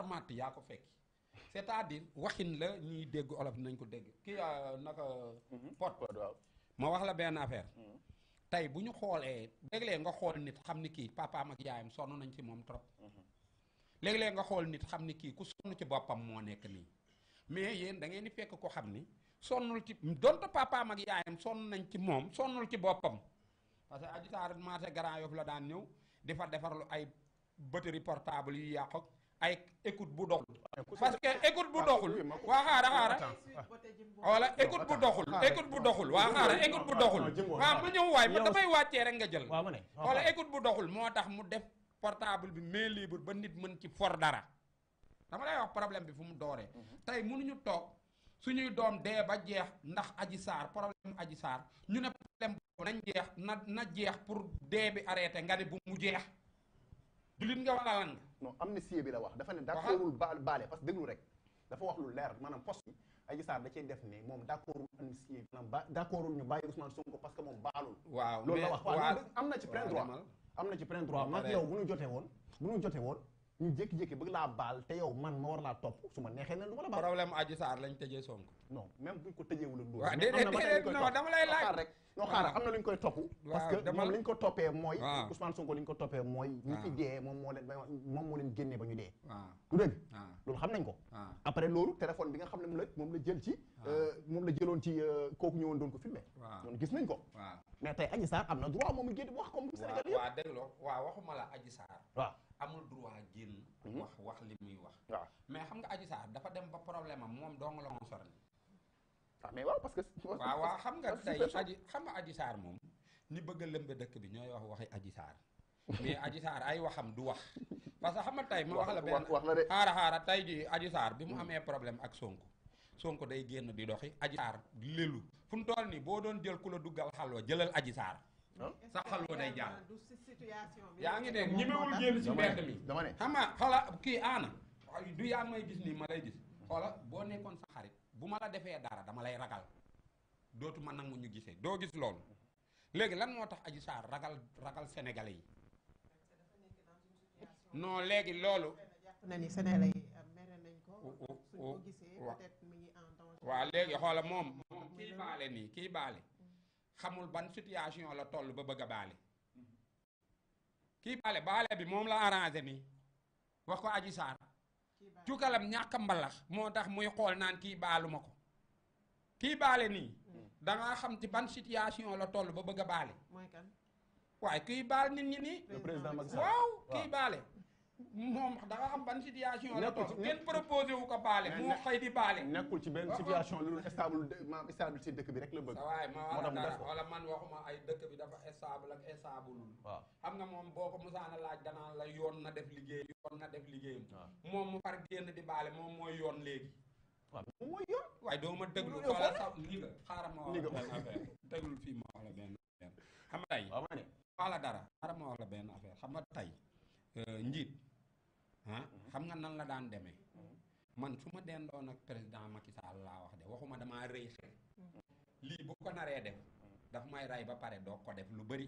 matt yaa ko fekki c'est-à-dire waxin la ñuy dégg olof nañ ko dégg kii euh, naka mhm. pot ma wax la benn affaire mhm. tey bu ñu xoolee léeg nga xool nit xam ni kii papaam ak yaayam sonn nañ ci moom trop mhm. léeg nga xool nit xam ni kii ku sonn ci boppam moo nekk nii mais yéen da ngeen di fekk ko xam ni sonnul ci donte papaam ak yaayam sonn nañ ci moom sonnul ci boppam parce que Adji Sarr marché Grand la daan ñëw di fa defarlu ay batterie portable yu yàqu ay écoute bu doxul ah, parce que écoute bu doxul waa xaara xaara wala écoute bu doxul écoute bu doxul waa xaara écoute bu doxul waaw ma ñëw waay ma dafay wàccee rek nga jël wala écoute bu doxul moo tax mu def portable bi main libre ba nit mën ci for dara dama lay wax problème bi fu mu dooree mhm. tey mënuñu toog suñuy doom dee ba jeex ndax aji sar, problème aji sar. ñu ne problème nañ jeex na na jeex pour dee bi arrêté nga ne bu mu jeex julit nga wala lan nga non amnistie bi la wax dafa ne d'accordul ba baale parce que déglu rek dafa wax lu leer maanaam poste yi Adji Sarr da cee def ne moom d'accordul amnistie bi maanaam ba d'accordul ñu parce que moom baalul waaw loolu la wax waaw am na ci plein am na ci plein droit maag yow bu ñu jotee woon bu ñu jotee woon ñu jékki-jékki bëgg laa baal te yow man ma war laa topp su ma neexee leen du ma la baal. problème Adji Sarr lañ tëjee Sonko. non même buñ ko tëjee wala. waaw déedéet ah. am na lu ñu koy topp. parce que moom mooy. waaw ah. Ousmane Sonko li ñu ko ah. dee moom moo leen moom moo ba ñu dee. waaw du dëgg. loolu xam nañ ko. après loolu téléphone bi nga xam ne moom la moom la jël ci. Euh, moom la jëloon ci euh, kooku ñëwoon doon ko filmé. waaw noonu gis nañ ko. waaw mais tey Adji am na droit moom mu génn wax comme. Sénégal yëpp waaw waaw dégg nga waxuma la Adji Sarr. waaw amul droit génn. Mhm. wax wax li muy wax. waaw mais xam nga Adji Sarr dafa dem ba problème am moom dong la concerné. ah mais waaw parce que. waaw waaw xam xam nga Adji Sarr moom. ni bëgg a lëmbe dëkk bi ñooy wax waxi Adji Sarr mais Adji Sarr ay waxam du wax parce que xam nga tey ma wax la benn xaara xaara tey ji Adji saar bi mu mhm. amee problème ak Sonko Sonko day génn di doxi Adji Sarr lélu fu mu toll nii boo doon jël ku la duggal xalwa jëlal aji saar saxal woo day jàll. yaa ngi dégg ñemewul génn ci mbedd mi. dama ne xam nga xoola kii aana. du yaa may gis nii ma lay gis. xoola boo nekkoon sa xarit bu ma la defee dara dama lay ragal dootuma mu ñu gisee doo gis loolu léegi lan moo tax Adji Sarr ragal ragal sénégalais yi. non léegi loolu. na ni sénégalais euh, nañ ko. suñ ko gisee ngi en danger. waaw léegi xoola moom. moom kii baale nii kii baale. xamul ban situation la toll ba bëgg a baale kii baale baale bi moom la arrangé ni wax ko aji saar cukalam ñàkk mbalax moo tax muy xool naan kii baaluma ko kii baale nii hmm. dangaa xam ci ban situation la toll ba bëgg a baale mooy kan waaye kii baal nit ñi nii waaw kii baale moom da nga xam ban situation la toog kenn proposé wu ko baale moo xëy di baale nekkul ci benn situation loolu stable maam stable ci dëkk bi rek la bëgg waaye ma wala man waxuma ay dëkk bi dafa stable ak stablewul waaw xam nga moom boo ko musaana laaj danaan la yoon na def liggéey yoon na def liggéeyam moom mu far génn di baale moom mooy yoon léegi waaw waaye ma déglu wala sax lii nga xaaral ma wax la benn déglul fii dara xaaral ma wax la benn affaire xam nga tey euh, njiit ah xam nga nan la daan demee mm-hmm. man su dendo nak président Macky Sall la wax dé waxuma dama rëy xel mm-hmm. bu ko naré def daf may ray ba pare do ko def lu bari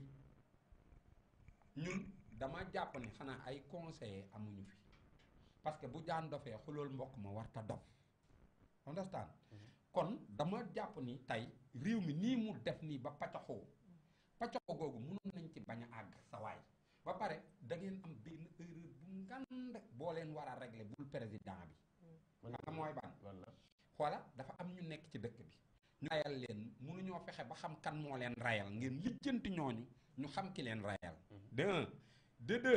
ñun dama japp ni xana ay conseiller amuñu fi parce que bu jaan dofee xulool mbokk ma warta dof understand kon dama japp ni tay réew mi ni mu def ni ba pataxo pataxo googu mënon nañ ci baña ag sa ba paré da ngeen am benn erreur ngand boo leen war a régler bul président bi mm. xam mooy ban xoola dafa am ñu nekk ci dëkk bi ñu rayal leen mënuñoo fexe ba xam kan moo leen rayal ngeen lijjanti ñooñu ñu xam ki leen rayal mm-hmm. de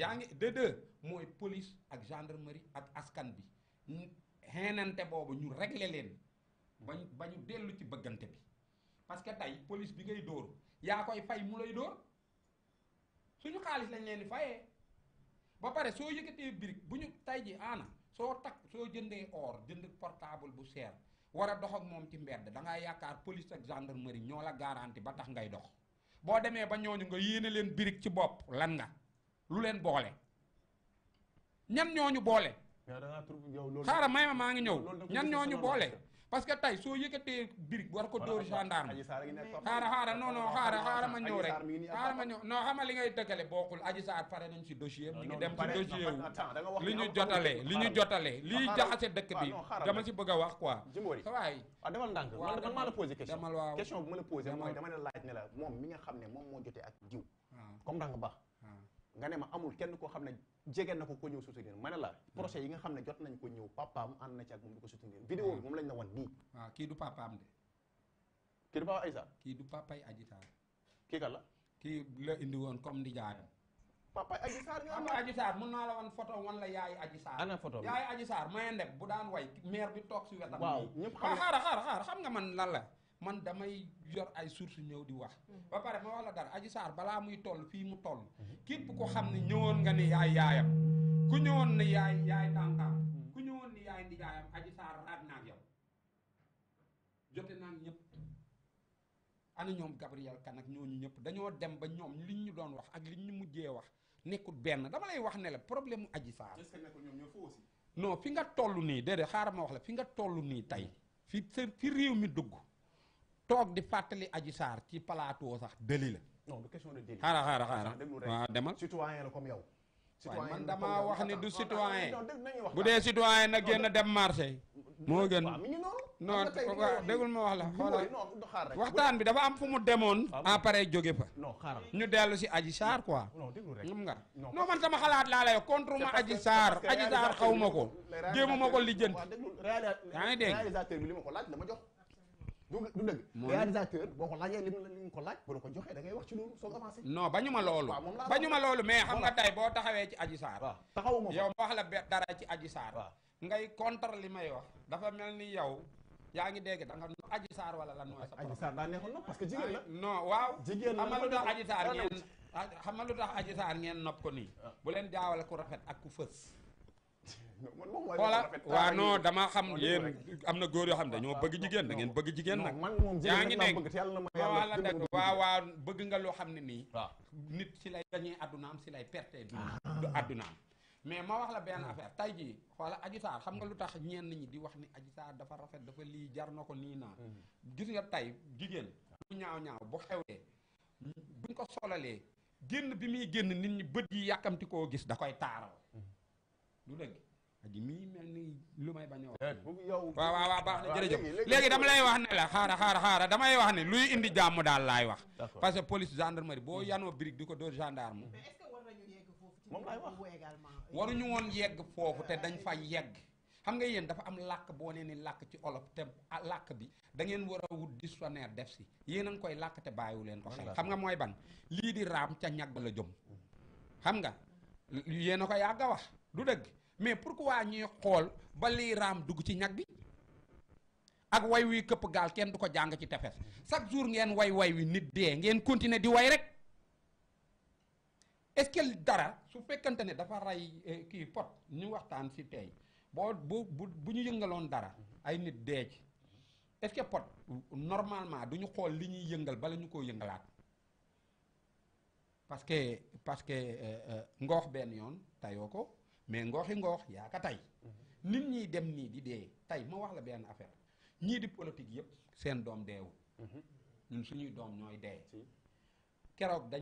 yaa ngi de mooy police ak gendarmerie ak askan bi xeenante boobu ñu régler leen bañ ba ñu dellu ci bëggante bi parce que tey police bi ngay dóor yaa koy fay mu lay dóor suñu xaalis lañ leen di ba pare soo yëkkatee birig bu ñu tay ji tak soo takk soo jëndee or jënd portable bu seer war a dox ak moom ci mbedd da ngaa yaakaar police ak gendarmerie ñoo la garanti ba tax ngay dox boo demee ba ñooñu nga yéene leen birig ci bopp lan nga lu leen boole ñan ñooñu boole xaaral may ma maa ngi ñëw ñan ñooñu boole parce que tey soo yëkkatee brique war ko dóor gendarme xaara xaara non non xaara xaara ma ñëw rek xaara ma ñëw non xama li ngay tëkkale bokkul Adji Sarr pare nañ si dossier ñu ngi li ñu jotalee li ñu jaxase dëkk bi dama si bëgg a wax quoi sa waay waaw ndànk maa la posé question question moom mi nga xam ne moom moo jotee ak jiw comme nga ne ma amul kenn ko xamne ne nako ko ñew ñëw soutenir ma la mm. projet yi nga xamne jot nañ ko ñew papam and na ci ak moom diko ko soutenir vidéo bi moom lañ la wan ni waaw ah, ki du papam de ki du papa Aïssa ki du papa Adji Sarr kii kan la ki la indi won comme di jaar papa Adji Sarr nga am Adji mun naa la wan photo won la yaay Adji ana photo yaay Adji Sarr maye ndeb bu daan way maire bi tok ci wétam waaw ñëpp xam ah, xaara xam nga man lan la man damay yor ay source ñew di wax hmm. ba pare ma wax la aji saar bala muy toll fi mu toll kep ko xamni ñewon nga ni yaay yaayam ku ñewon ni yaay yaay tàntaam hmm. ku ñewon ni yaay ndigaayam aji saar raag naag yow jote naag ñep ana ñom Gabriel kan ak ñooñu ñep dañoo dem ba ñom liñ ñu doon wax ak liñ ñu mujjé wax nekut ben dama lay wax ne la problème aji saar est-ce que ñoo non fi nga tollu ni dede xaar ma wax la fi nga tollu ni tay fi fi rew mi dugg toog di fàttali Adji Sarr ci palaato sax délit la. non du question de délit. xaaral xaaral xaaral waaw demal. citoyen la comme man damaa wax ni du citoyen bu dee citoyen nag génn dem marché. moo gën non waaw dégul ma wax la xoolal waxtaan bi dafa am fu mu demoon. après jóge fa. ñu dellu si Adji Sarr quoi. xam nga non man sama xalaat laa lay contre ma Adji Sarr Adji ko. jéemu ma ko lijjanti. yaa ngi dégg bi li ko laaj dama jox. du du boo ko laajee lim la lim ko laaj boo ko joxee da ngay wax ci loolu soog avancé. non bañu ma loolu. bañu ma loolu mais xam nga tey boo taxawee ci Adji ngay contre li may wax. dafa mel ni yow. yaa ngi dégg da nga nu Adji wala lan mooy sa Adji Sarr daa neexoon na parce que jigéen la non waaw jigéen la xam lu tax Adji ngeen xam nga lu tax Adji Sarr ngeen nopp ko nii ah. bu leen jaawal ku rafet ak ku fës wala wano no, dama xam yeen amna goor yo xam dañu bëgg jigen da ngeen bëgg jigen nak yaangi ngi wala dëgg wa wa bëgg nga lo xamni ni nit ci lay aduna am ci lay perte du aduna ah. mais ma wax la ben affaire tay ji xoola xam nga lutax ñen ñi di wax ni Adji Sarr dafa rafet dafa li jar nako ni na mm-hmm. gis nga tay jigen lu ñaaw ñaaw bu xewé buñ ko solalé genn bi mi genn nit ñi bët yi yàkkamti gis da koy mm-hmm. du deug aji mi mel lu may bañ a wax. Eh, yow waaw waaw baax léegi dama lay wax ne la xaara xaara xaara damay wax ne luy indi jàmm daal laay wax. parce que police gendarmerie boo yanoo brique di ko dóor gendarme. mais est-ce que war nañu yegg waruñu woon yegg foofu te dañ fa yegg. xam nga yéen dafa am làkk boo nee làkk ci olof te làkk bi da ngeen war a wut dictionnaire def si yéen a ngi koy làkk te bàyyiwu leen ko xel xam nga mooy ban lii di raam ca ñag ba la jom xam nga yéen ko yàgg wax du dëgg mais pourquoi ñuy xool ba li ram dugg ci ñag bi ak way wi kep gal kenn du ko jàng ci tefes chaque jour ngeen way way wi nit de ngeen continuer di way rek est-ce que dara su fekkante ne dafa ray eh, ki pot ñu waxtaan si tay bo bu bu ñu yëngaloon dara ay nit de ci est-ce que pot normalement duñu xool li ñuy yëngal bala ñu ko yëngalaat parce que parce que eh, eh, nga wax yoon mais ngooxi ngoox yaa ka tey mm-hmm. nit ñiy dem nii di dee tey ma wax la benn affaire ñii di politique yëpp seen doom deewul mm-hmm. ñun suñuy doom ñooy dee keroog dañ